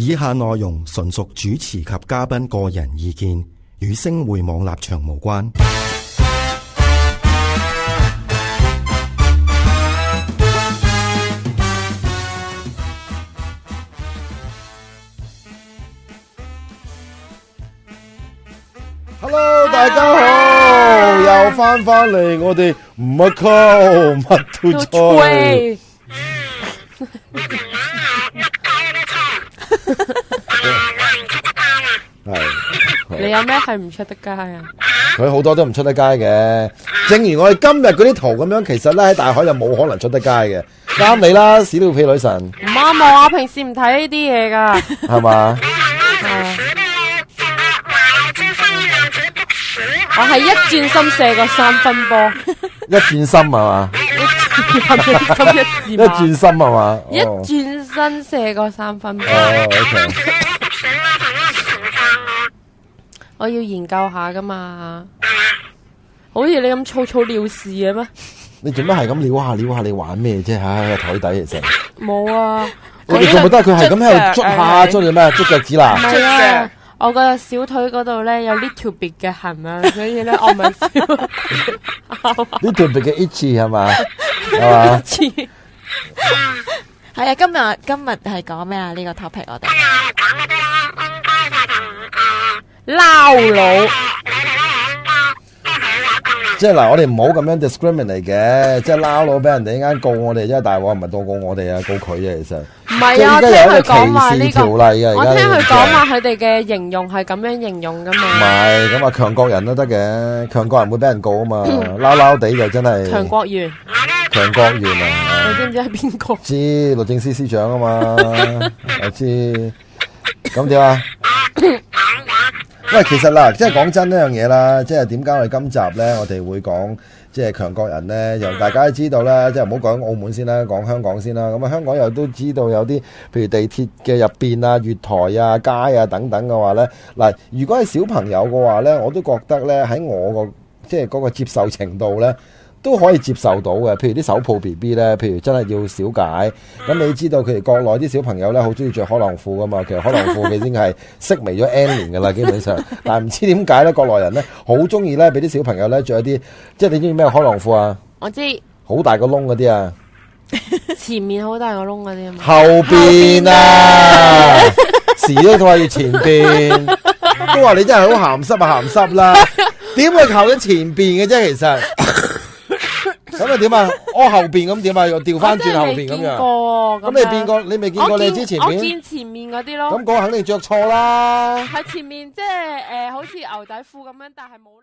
以下內容純屬主持及嘉賓個人意見，與星匯網立場無關。Hello，大家好，又翻翻嚟我哋馬交乜都吹。你有咩係唔出得街啊？佢好多都唔出得街嘅，正如我哋今日嗰啲圖咁樣，其實咧喺大海就冇可能出得街嘅。啱你啦，屎尿屁女神。唔啱我啊，平時唔睇呢啲嘢噶。係嘛？我係一轉心射過三分波。 一轉心係嘛？ 一轉心係嘛？Oh. 一轉身射過三分波。Oh, okay. 我要研究下噶嘛好 então,，好似你咁草草尿事嘅咩？你做咩係咁撩下撩下？你玩咩啫？吓、嗯，台底其實。冇啊、呃嗯，我哋全部都佢係咁喺度捉下捉住咩？捉腳趾啦。唔係啊，我個小腿嗰度咧有呢條別嘅痕啊，所以咧我咪笑。呢條別嘅 H 致係嘛？H。係啊、嗯 UFO，今日今日係講咩啊？呢個 topic 我哋。撈佬，即係嗱，我哋唔好咁樣 discriminate 嘅，即係撈佬俾人哋一間告我哋，因為大話唔係多過我哋啊，告佢啊，其實唔係啊，即係有啲歧視條例啊，而家聽佢講話佢哋嘅形容係咁樣形容噶嘛，唔係咁啊，強 國人都得嘅，強國人會俾人告啊嘛，撈撈地就真係強國員，強國員啊，你知唔知係邊個？知律政司司長啊嘛， 我知，咁點啊？ 喂，其實啦，即係講真呢樣嘢啦，即係點解我哋今集呢？我哋會講即係強國人呢，由大家都知道啦，即係唔好講澳門先啦，講香港先啦。咁啊，香港又都知道有啲，譬如地鐵嘅入邊啊、月台啊、街啊等等嘅話呢。嗱，如果係小朋友嘅話呢，我都覺得呢，喺我個即係嗰個接受程度呢。都可以接受到嘅，譬如啲手抱 BB 咧，譬如真係要小解，咁你知道佢哋國內啲小朋友咧，好中意着開襠褲噶嘛。其實開襠褲佢已經係式微咗 N 年噶啦，基本上，但係唔知點解咧，國內人咧好中意咧俾啲小朋友咧着一啲，即係你中意咩開襠褲啊？我知好大個窿嗰啲啊，前面好大個窿嗰啲啊，後邊啊，時都掛住前邊，都話你真係好鹹濕啊，鹹濕啦，點會靠緊前邊嘅啫？其實。咁又點啊？我後邊咁點啊？又調翻轉後邊咁樣。咁你變過你未見過你之前面。我見前面啲咯。咁個肯定着錯啦。係前面即係誒好似牛仔褲咁樣，但係冇。